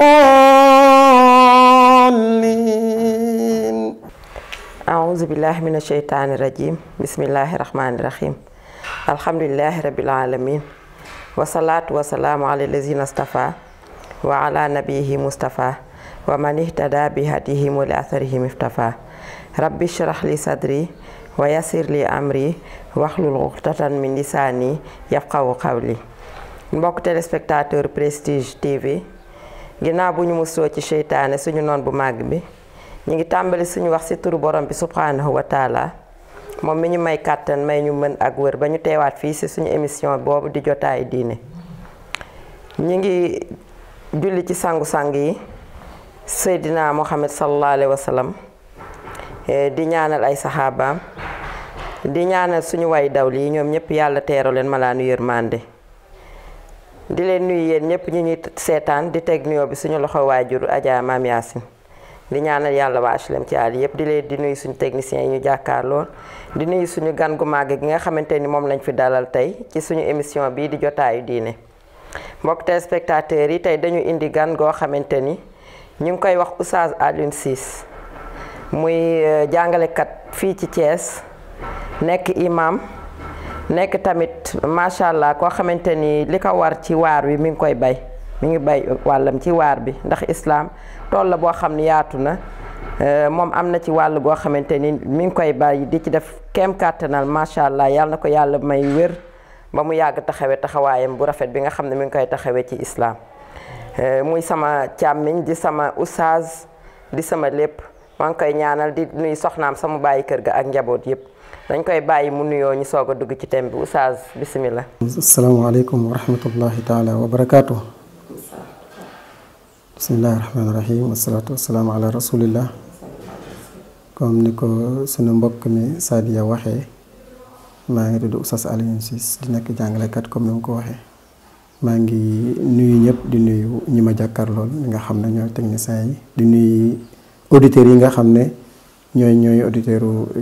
الضالين أعوذ بالله من الشيطان الرجيم بسم الله الرحمن الرحيم الحمد لله رب العالمين والصلاة والسلام على الذين اصطفى وعلى نبيه مصطفى ومن اهتدى بهديهم ولأثرهم افتفى ربي اشرح لي صدري ويسر لي أمري واحلل عقدة من لساني يفقه قولي مبوك mbokk بريستيج تي في ginnaaw bu ñu musoo ci seytaane suñu noon bu màgg bi ñu ngi tàmbali suñu wax ci turu borom bi subhanahu wa moom mi ñu may kàttan may ñu mën ak wër ba ñu teewaat fii si suñu émission boobu di jotaayu diine ñu ngi julli ci sangu-sang yi Seydina Muhammad sallallahu alayhi wa sallam e, di ñaanal ay saxaabaam di ñaanal suñu way dawli yi ñoom ñëpp yàlla teeru leen malaanu yërmande di leen nuyu yéen ñëpp ñu ñuy seetaan di teg nuyoo bi suñu loxo waajur Adja Maam Yaasin di ñaanal yàlla waa HLM ci àll yëpp di leen di nuyu suñu techniciens yi ñu jàkkaarlool di nuyu suñu gan gu màgg gi nga xamante ni moom lañ fi dalal tey ci suñu émission bii di jotaayu diine mbokk téléspectateurs yi tey dañu indi gan goo xamante ni ñu ngi koy wax Oustaz Alioune Ciss muy euh, jàngalekat fii ci Thiès nekk imam nekk tamit macha allah koo xamante ni li ko war ci waar wi mi ngi koy bay mi ngi bay wàllam ci waar bi ndax islaam tool la boo xam ne yaatu na euh, moom am na ci wàll goo xamante ni mi ngi koy bay di ci def kem kàttanal macha allah yàlla na ko yàlla may wér ba mu yàgg taxawe taxawaayam bu rafet bi nga xam ne mu ngi koy taxawee ci islaam euh, muy sama càmmiñ di sama oustaz di sama lépp maa ngi koy ñaanal di nuy soxnaam sama bàyyi kër ga ak njaboot yëpp dañ koy bayyi mu nuyo ñu soga a dugg ci tembi oustaz bismillah alaykum wa rahmatullahi taala wa barakatuh. Bismillahirrahmanirrahim. rahmaani rahim wasalaatu wasalaamu ala rasulillah comme ni ko sunu mbokk mi Sadiya waxe ma ngi tuddu oustaz Alioune di jangale lekat comme ni ko waxe ma ngi nuyu ñep di nuyu ñima ma lool nga xamne ñoy technicien yi di nuyu auditeur yi nga xamne ne ñoy ñooy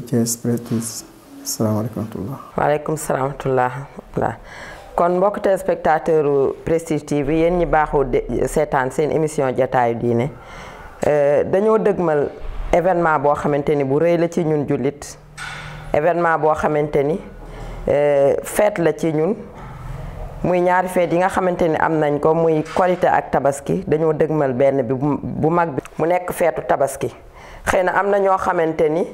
ci express salaamaaleykum wa rahmatulah. waaleykum salaam wa rahmatulah. kon mbokk téléspectateur Prestige TV yéen ñi baaxoo seetaan seen émission jataayu diine euh, dañoo dëgmal événement boo xamante ni bu rëy la ci ñun jullit événement boo xamante ni euh, fête la ci ñun muy ñaari fête yi nga xamante ni am nañ ko muy korité ak tabaski dañoo dëgmal benn bi bu mag bi. mu nekk feetu tabaski xëy na am na ñoo xamante ni.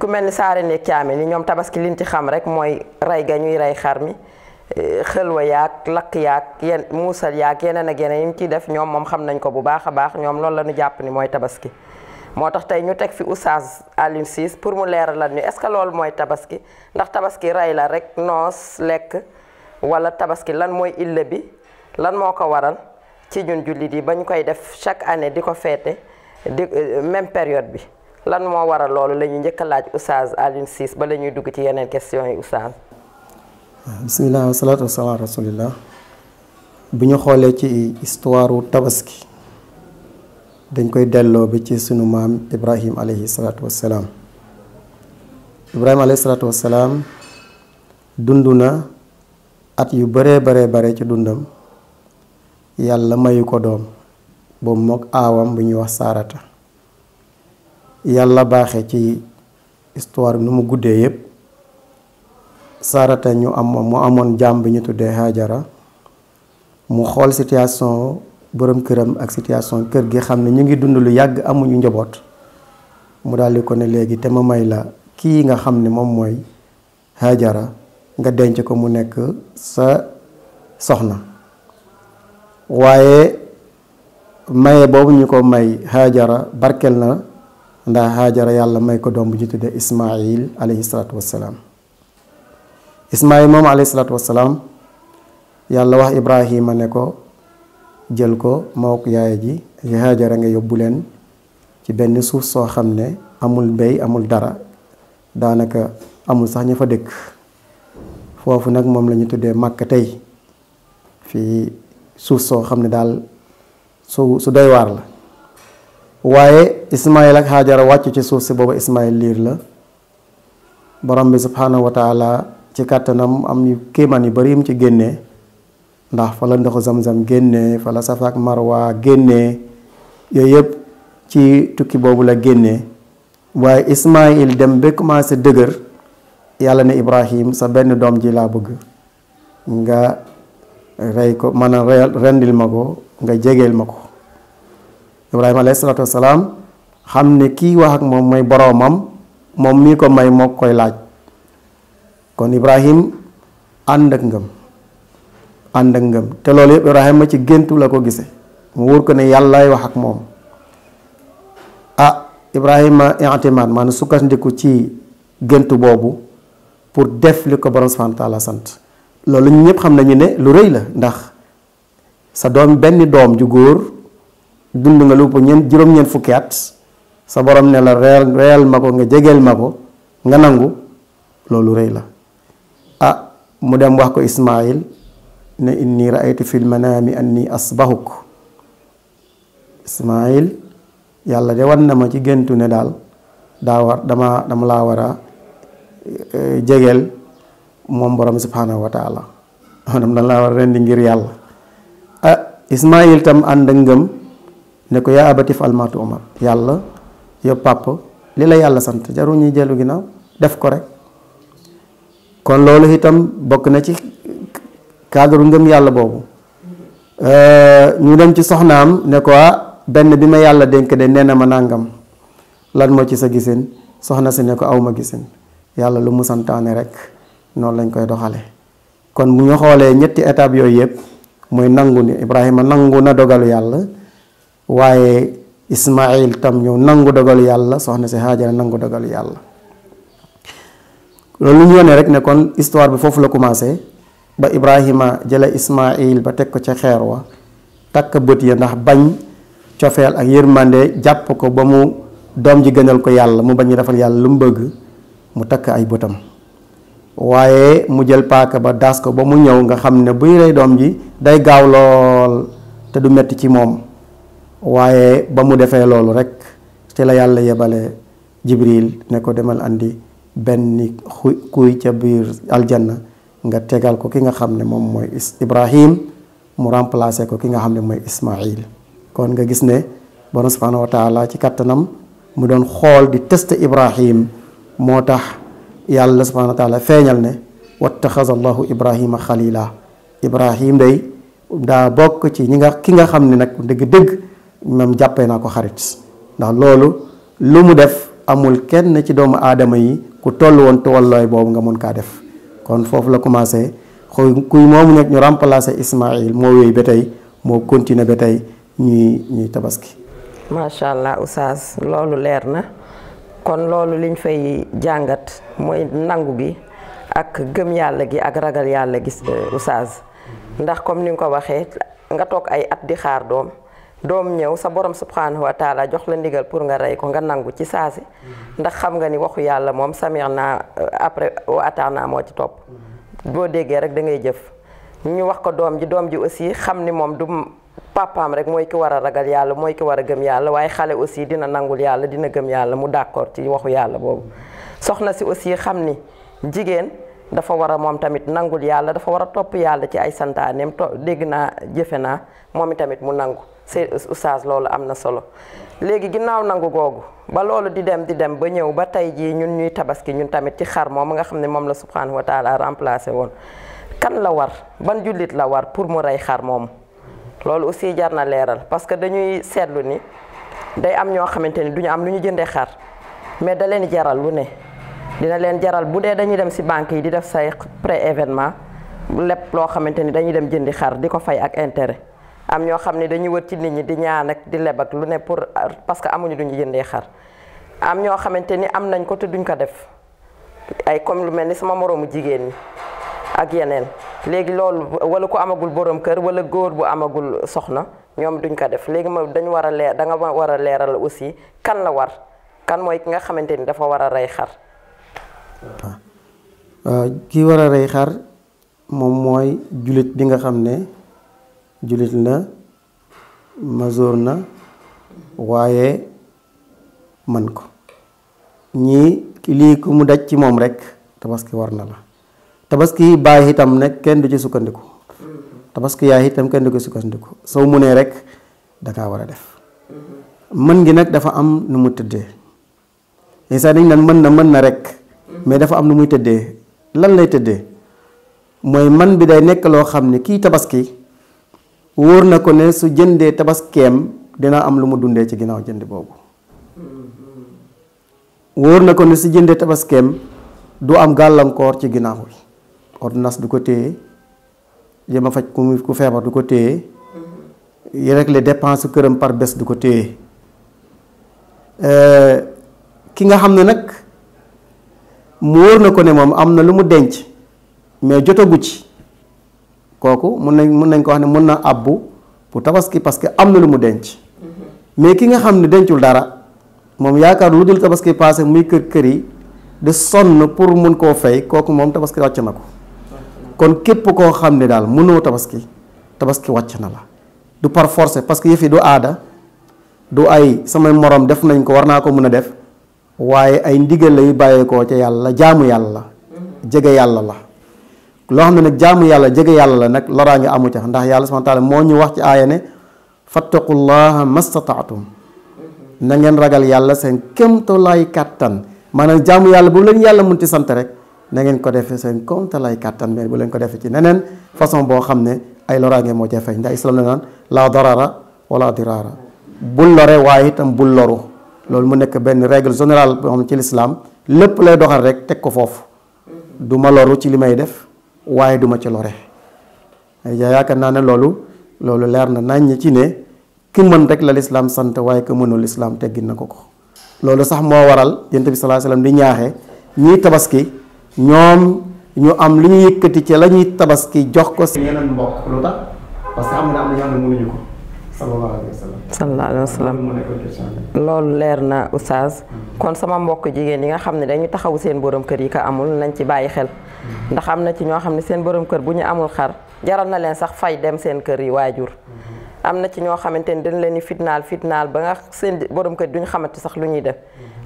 ku melni saare ne caame ni ñom tabaski liñ ci xam rek moy ray ga ñuy ray xarmi xëlwa yaak lakk yaak yeen musal yaak yeneen ak yeneen yi ñu def ñom mom xam nañ ko bu baaxa baax ñom loolu lañu jàpp ni moy tabaski motax tay ñu tek fi oustaz Alioune Cissé pour mu leeral lan ni est est-ce que loolu mooy tabaski ndax tabaski ray la rek nos lek wala tabaski lan moy ille bi lan moko waral ci ñun jullit yi bañ koy def chaque année diko ko même période bi lan moo waral loolu la ñuy njëkk a laaj Oustaz Alioune Ciss ba ñuy dugg ci yeneen question yi Oustaz. bisimilah wasalaatu wasalaam rasulillah bu ñu xoolee ci histoire tabaski dañ koy delloo bi ci sunu maam Ibrahim aleyhi salaatu wasalaam Ibrahim aleyhi salaatu dund na at yu baree baree bare ci dundam yàlla mayu ko doom boobu mook aawam bu ñuy wax saarata yalla baxé ci histoire bi nu mu yépp sarata ñu am mo amoon jamm bi ñu tuddé hajara mu xol situation borom kërëm ak situation kër gi xamné ne ñu ngi dund lu yàgg amuñu njaboot mu daldi ko né légui té ma may la ki nga xamné mom moy hajara nga denc ko mu nekk sa soxna waaye maye bobu ñuko may hajara barkel na ndax Haajara yàlla may ko doom bu ñu tuddee Ismaayil alayhi salaatu salaam Ismaayil moom alayhi salaatu wassalaam yàlla wax Ibrahima ne ko jël ko mook yaay ji Haajara nga yóbbu leen ci benn suuf soo xam ne amul mbéy amul dara daanaka amul sax ñu fa dëkk foofu nag moom la ñu tuddee Màkka tey fii suuf soo xam ne daal su su doy waar la waaye ismail ak xaajara wàcc ci suuf si boobu ismail liir la borom bi subhaanahu wa ci kàttanam am yu kéemaan yu bari mu ci génnee ndax fa la ndoxu zam-zam génnee fa la safa marwa génnee yooyu yëpp ci tukki boobu la génnee waaye ismail dem ba commencé dëgër yàlla ne ibrahim sa benn doom ji laa bëgg nga rey ko maanaam rendil ma ko nga jegeel ma ko ibrahim alayhi salatu wassalam xamne ki wax ak mom mooy boromam mom mi ko may mok koy laaj kon ibrahim andenggam ak telo and ak ngam te lolé ibrahim ma ci gentu la ko gise mu wóor ko yalla ay wax ak moom ah ma i'timad man sukkandiku ci gentu bobu pour def li ko borom subhanahu taala sant lolou ñepp xam nañu ne lu reuy la ndax sa doom benn doom ju góor dund nga lu ëpp ñeent juróom-ñeent fukki at sa borom ne la reel reel ma nga jegel ma ko nga nangu lolu reey la ah mu dem wax ko ismail ne inni raaytu fil manami anni asbahuk ismail yalla de wan na ma ci gentu ne dal war dama dama lawara wara e, jegel mom borom subhanahu wa taala maanaam dan la war rendi ngir yalla ah ismail tam ànd ne ko abati fal matu umar yalla yo papa lila yalla sante jaru ñi jelu ginaaw def ko rek kon lolu itam bok na ci cadre yalla bobu euh ñu dem ci soxnam ne ko ah, ben bima yalla denk de neena na ma nangam lan mo ci sa gisin soxna se ne ko awma gisin yàlla lu musantane rek non lañ koy doxale kon bu ñu xoolee ñetti étape yoy yeb moy nanguni Ibrahima nanguna dogal yalla waaye Ismaayil tam ñëw nangu dogal yàlla soxna si Haajara nangu dogal yàlla loolu lu ñu yónnee rek ne kon histoire bi foofu la commencé ba Ibrahima jële Ismaayil ba teg ko ca xeer wa takk bët ya ndax bañ cofeel ak yërmande jàpp ko ba mu doom ji gënal ko yàlla mu bañ defal yàlla lu mu bëgg mu takk ay bëtam waaye mu jël paaka ba daas ko ba mu ñëw nga xam ne buy rey doom ji day gaaw lool te du metti ci moom waaye ba mu defee loolu rek ci la yàlla yebale jibril ne ko demal andi benn kuy ca biir aljana nga tegal ko ki nga xam ne moom mooy ibrahim mu remplacer ko ki nga xam ne mooy ismail kon nga gis ne borom subhanahu wa ci kàttanam mu doon xool di test ibrahim moo tax yàlla subhanahu wa taala feeñal ne wattaxaza allahu ibrahima xalila ibrahim day daa bokk ci ñi nga ki nga xam ne nag dëgg-dëgg moom jàppee naa ko xarit ndax loolu lu mu def amul kenn ci doomu aadama yi ku toll woon tollooy boobu nga mun kaa def kon foofu la commencé xo kuy moomu nag ñu remplacer Ismaïl moo wéy ba tey moo continuer ba tey ñuy ñuy tabaski. macha allah oustaz loolu leer na kon loolu liñ fay jàngat mooy nangu gi ak gëm yàlla gi ak ragal yàlla gis euh, oustaz ndax comme ni nga ko waxee nga toog ay at di xaar doom. doom ñëw sa borom subhanahu wa taala jox la ndigal pour nga rey ko nga nangu ci saa si ndax xam nga ni waxu yàlla moom samir na euh, après wa ataana moo ci topp boo déggee rek da ngay jëf ñu wax ko doom ji doom ji aussi xam ni moom du papaam rek mooy ki war a ragal yàlla mooy ki war a gëm yàlla waaye xale aussi dina nangul yàlla dina gëm yàlla mu d'accord ci waxu yàlla boobu soxna si aussi xam ni jigéen dafa war a moom tamit nangul yàlla dafa war a topp yàlla ci ay santaaneem to dégg naa jëfe naa moom i mu nangu sey oustaz loolu am na solo léegi ginnaaw nangu googu ba loolu di dem di dem ba ñëw ba tey jii ñun ñuy tabaski ñun tamit ci xar moom nga xam ne moom la subhanahu wa taala remplacé woon kan la war ban jullit la war pour mu rey xar moomu loolu aussi jar na leeral parce que dañuy seetlu ni day am ñoo xamante ni duñu am lu ñu jëndee xar mais da leen jaral lu ne dina leen jaral bu dee dañuy dem si banque yi di def say pré événement lépp loo xamante ni dañuy dem jëndi xar di ko fay ak intérêt am ñoo xam ne dañuy wër ci nit ñi di ñaan ak di leb ak lu ne pour parce que amuñu duñu jëndee xar am ñoo xamanteni am nañ ko te duñ ko def ay comme lu melni ni sama moroomu jigen ni ak yenen légui lool wala ku amagul borom kër wala goor bu amagul soxna ñom duñ ko def légui ma dañ wara lé danga da nga wara léral aussi kan la war kan moy ki nga xamanteni dafa wara ray rey ah. ah ki wara ray rey xar moom mooy bi nga xamne julit na masoor na waaye man ko ñii lii ku mu daj ci moom rek tabaski war na la tabaski bàyyi itam nag kenn du ci sukkandiku tabaski yaay itam kenn du ci sukkandiku soo mënee rek dangaa war a def mën gi nag dafa am nu mu tëddee insaan dañ naan mën na mën na rek mais dafa am nu muy tëddee lan lay tëddee mooy man bi day nekk loo xam ne kii tabaski wóor na ko ne su jëndee tabaskeem dina am lu mu dundee ci ginnaaw jënd boobu wóor na ko ne su jëndee tabaskeem du am gàllankoor ci ginnaaw bi ordonnance du ko téye jëm faj ku ku feebar du ko téye yi rek les këram par bés du ko téye euh, ki nga xam ne nag mu wóor na ko ne moom am na lu mu denc mais jotagu ci kooku mun nañ mun nañ ko wax ne mun na abbu bu tabaski parce que am na lu mu denc mhm. mais ki nga xam ne dencul dara moom yaakaar lu dul tabaski passé muy kër kër yi di sonn pour mun koo fay kooku moom tabaski wàcc na ko kon képp koo xam ne daal mënoo tabaski tabaski wàcc na la du par force parce que yëf yi du aada du ay sama morom def nañ ko war naa ko mën a def waaye ay ndigal lay koo ca yàlla jaamu yàlla mhm. jege yàlla la loo xam ne nag jaamu yàlla jege yàlla la nag loraa amu ca ndax yàlla subhaana taala moo ñu wax ci aaya ne fattaqullaha mastataatum na ngeen ragal yàlla seen kéemtalaay kàttan maanaam jaamu yàlla bu leen yàlla mun ci sant rek nangeen ko defee seen kéemtalaay kàttan mais bu leen ko defee ci neneen façon boo xam ne ay loraange moo ca feeñ ndax islam la naan laa darara wala diraara bul lore waaye itam bul loru loolu mu nekk benn règle générale boo xam ci l'islam lépp lay doxal rek teg ko foofu duma ma loru ci li may def waaye duma ci lore yaakaar naa ne loolu loolu leer na nàññ ci ne ki mën rek la lislaam sant waaye ku mënul lislaam teggin na ko ko loolu sax moo waral yonent bi sallallahu alayhi wasallam di ñaaxe ñiy tabaski ñoom ñu am lu ñu yëkkati ci la ñuy tabaski jox ko si yeneen mbokk lu tax parce que am na am na ñoo xam ne mënuñu ko sallallahu alayhi wa loolu leer na oustaz hmm. kon sama mbokk jigéen yi nga xam ne dañu taxawu seen borom kër yi ko amul nañ ci bàyyi xel hmm. ndax am na ci ñoo xam ne seen borom kër bu ñu amul xar jaral na leen sax fay dem seen kër yi waajur hmm. am na ci ñoo xamante ni dañ leen di fitnaal fitnaal ba nga seen borom kër duñu xamante sax lu ñuy def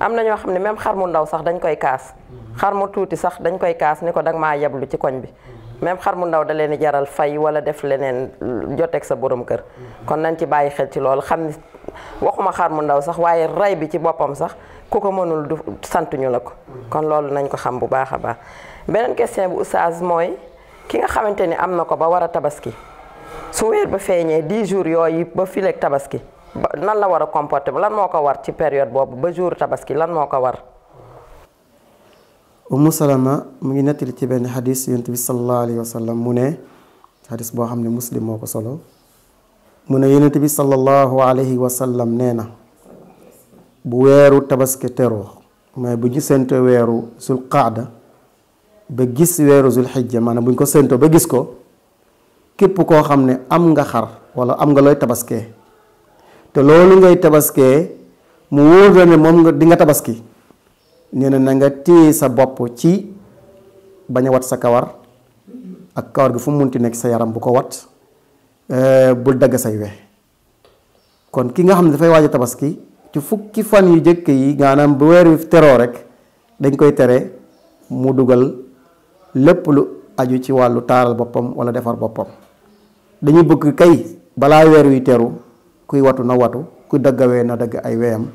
am na ñoo xam ne même xar mu ndaw sax dañ koy kaas xar mu tuuti sax dañ koy kaas ni ko danga maa yeblu ci koñ bi même xar mu ndaw da leen di jaral fay wala def leneen joteeg sa borom kër. kon nañ ci bàyyi xel ci loolu xam ni waxuma xar mu ndaw sax waaye rey bi ci boppam sax ku ko mënul du santuñu la ko. kon loolu nañ ko xam bu baax a baax. beneen question bu oustaz mooy ki nga xamante ni am na ko ba war a tabaski su weer ba feeñee 10 jours yooyu ba fileeg tabaski ba nan la war a comporter lan moo ko war ci période boobu ba jour tabaski lan moo ko war. umu salama mu ngi nettali ci benn xadis yonent bi sallallahu alayhi wa mu ne xadis boo xam ne muslim moo ko solo mu ne yonent bi sallallahu alayhi wa sallam nee na bu weeru tabaski teroo mooy bu ñu séentoo weeru zul qaada ba gis weeru zul xijja maanaam ko séentoo ba gis ko képp koo xam ne am nga xar wala am nga looy tabaskee te loolu ngay tabaskee mu wóor la ne moom nga di nga tabaski nee na na nga téye sa bopp ci bañ a wat sa kawar ak kawar gi fu mu munti nekk sa yaram bu ko wat euh, bul dagg say we kon ki nga xam ne dafay waaja tabaski ci fukki fan yu jëkk yi maanaam bu weer wi teroo rek dañ koy tere mu dugal lépp lu aju ci wàllu taaral boppam wala defar boppam dañuy bëgg kay balaa weer wi teru kuy watu na watu ku daggawee na dagg ay weyam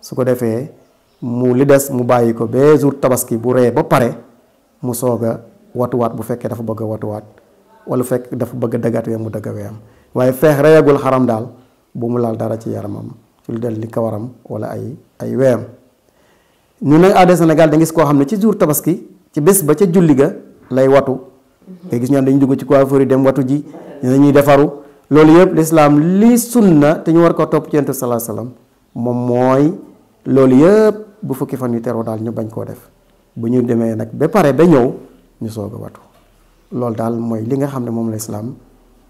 su ko defee mu li dess mu bayiko ko jour tabaski bu re ba pare mu soga wat wat bu fekke dafa bëgg watu wat wala fekk dafa bëgg dagat dagaat wee mu dagg weeyam waye fex reyagul haram dal bu mu laal dara ci yaramam ci lu del li kawaram wala ay ay weeyam ñu nag aada Sénégal da ngis koo xam ci jour tabaski ci bés ba ca julli ga lay watu te gis ñaan dañu dugg ci coiffure dem watu ji dañuy defaru loolu yëpp l'islam li sunna te ñu war ko top ci yonent sallallahu alayhi wasallam mom moy bu fukki fan yu teroo daal ñu bañ koo def bu ñu demee nag ba pare ba ñëw ñu soog watu loolu daal mooy li nga xam ne moom la islaam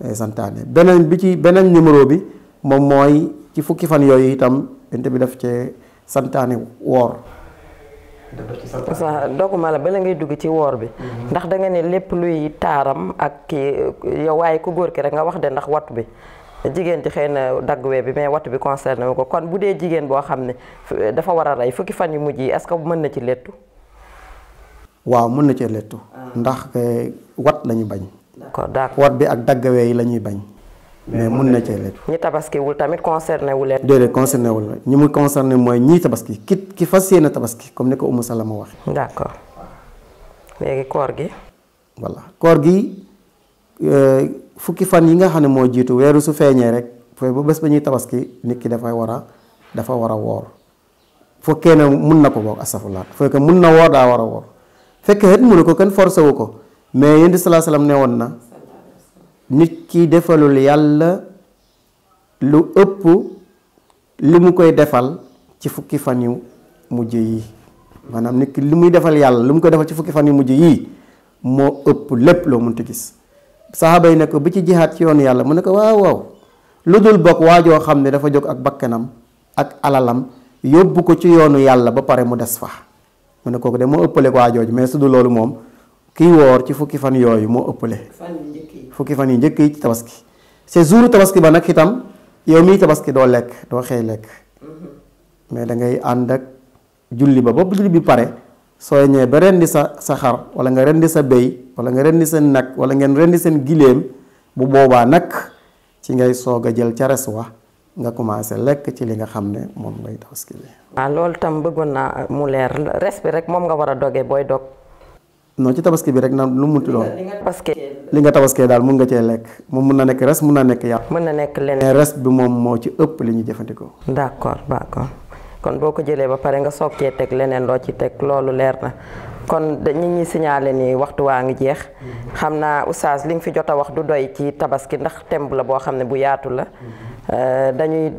eh, santaane beneen bi ci beneen numéro bi moom mooy ci fukki fan yooyu itam bent bi daf cee santaane woor waaw doguma la bala ngay dugg ci woor bi mm-hmm. ndax da nga ne lépp luy ak yow ku ki rek nga wax de ndax bi jigéen ci xëy na dagg bi mais wattu bi concerné wu ko kon bu dee jigéen boo xam ne dafa war a rey fukki fan yu mujj yi est-ce que mën na ci lettu. waaw mun na cee lettu. Ah. ndax eh, wat la ñu bañ. ko d'accord wat bi ak daggawee yi la ñuy bañ. mais mun na cee lekk. ñi tabaskiwul tamit concerné wu leen. déedéet concerné la ñi mu concerné mooy ñii tabaski ki ki fas yéene tabaski comme ni ko Oumou Salama waxee. d'accord léegi koor gi. voilà koor gi eh, fukki fan yi nga xamne mo jitu wéru su feñé rek fo bo bes bañuy tabaski nit ki dafa war dafa war wor woor fekkee mën nako bok astaghfirullah fo ke mën na wor da wara wor woor fekkee mu ko forcé wu ko mais yende sallallahu alayhi wasallam na nit ki defalul yalla lu upp li mu koy defal ci fukki fan yu mujj yi manam nit ki li muy defal yalla lu mu koy defal ci fukki fan yu mujj mo upp lepp lo mën ta gis saxaaba yi ne ko bi ci jeexaat ci yoonu yàlla mu ne ko waaw waaw lu dul bokk joo xam ne dafa jóg ak bakkanam ak alalam yóbbu ko ci yoonu yàlla ba pare mu des fa mu ne kooku de moo ëppale waajooju mais su du loolu moom kiy woor ci fukki fan yooyu moo ëppale fukki fan yi njëkk yi ci tabaski c'est jour tabaski ba nag itam yow mii tabaski doo lekk doo xëy lekk mm-hmm. mais da ngay ànd ak julli ba bopp julli bi pare soo ñe ba rendi sa saxar wala nga rendi sa bey wala nga rendi sen nak wala ngeen rendi sen gilem bu boba nak ci ngay soga jël ci res wa nga commencé lek ci li nga xamne mom ngay tabaski bi. Ah, lol tam bëggoon naa ah, mu leer res bi rek mom nga wara doggé boy dog. no ci tabaski bi rek na lu mu parce que li nga tabaskee dal mun nga ci lek mom mun na nek res mun na nek ya mun na nek leneen res bi mom mo ci ëpp li ñu jëfandikoo. d'accord d'accord. kon boo ko jëlee ba pare nga soog teg leneen loo ci teg loolu leer na kon ñi ñi signalé ni waxtu waa ngi jeex xam naa oustaz li nga fi jot a wax du doy ci tabaski ndax thème la boo xam ne bu yaatu la euh, dañuy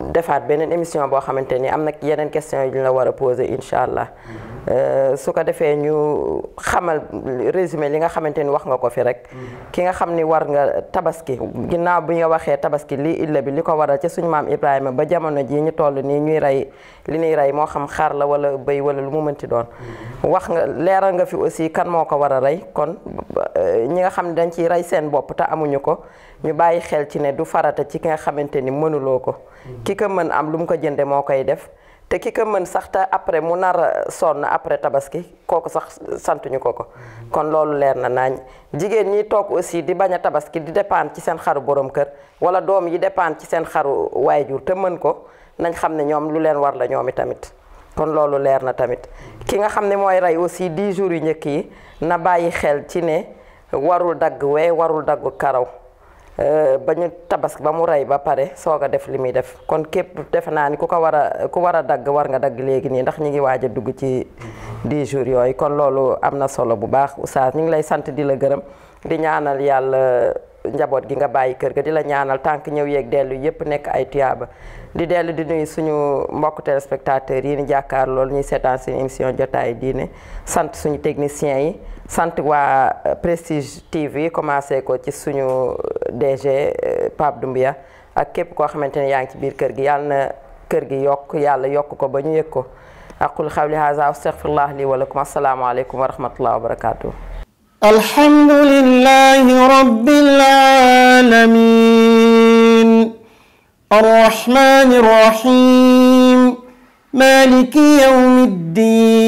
defaat beneen émission boo xamante ni am na yeneen question yu la war a posé incha allah Euh, su ko defee ñu xamal résumé li nga xamante ni wax nga ko fi rek. Mm-hmm. ki nga xam ni war nga tabaski ginnaaw bi nga waxee tabaski lii illa bi li ko waral ci suñu maam Ibrahima ba jamono jii ñu toll nii ñuy rey li nuy rey moo xam xar la wala bëy wala lu mu mënti doon. Mm-hmm. wax nga leeral nga fi aussi kan moo ko war a rey kon euh, ñi nga xam ne dañ ciy rey seen bopp te amuñu ko ñu bàyyi xel ci ne du farata ci ki nga xamante ni mënuloo ko. Mm-hmm. ki ka mën am lu mu ko jënde moo koy def. te ki ka mën sax te après mu nar a sonn après tabaski kooku sax santuñu ko ko kon loolu leer na naañ jigéen ñi toog aussi di bañ a tabaski di dépendre ci seen xaru borom kër wala doom yi dépendre ci seen xaru jur te mën ko nañ xam ne ñoom lu leen war la ñoom i tamit kon loolu leer na tamit ki nga xam ne mooy rey aussi di jours yu njëkk yi na bàyyi xel ci ne warul dagg we warul dagg karaw Euh, ba ñu tabaski ba mu rey ba pare soog a def li muy def kon képp defe naa ni ku ko war a ku war a dagg war nga dagg léegi nii ndax ñu ngi waaj a dugg ci 10 jours yooyu kon loolu am na solo bu baax u oustaz ñu ngi lay sant di la gërëm di ñaanal yàlla njaboot gi nga bàyyi kër ga di la ñaanal tànk ñëw yeeg dellu yëpp nekk ay tuyaaba di dellu di nuyu suñu mbokk téléspectateurs yi ni jàkkaar loolu ñuy seetaan seen émission jotaay diine sant suñu techniciens yi sant wa Prestige TV commencé ko ci suñu DG pap dumbia ak kep ko xamanteni yaangi ci bir kër gi yalna na kër gi yok yàlla yok ko bañu yek ko aqul xawli haza astaghfirullah li wa lakum assalamu alaykum wa rahmatullahi wa barakatuh رب العالمين الرحمن الرحيم مالك يوم الدين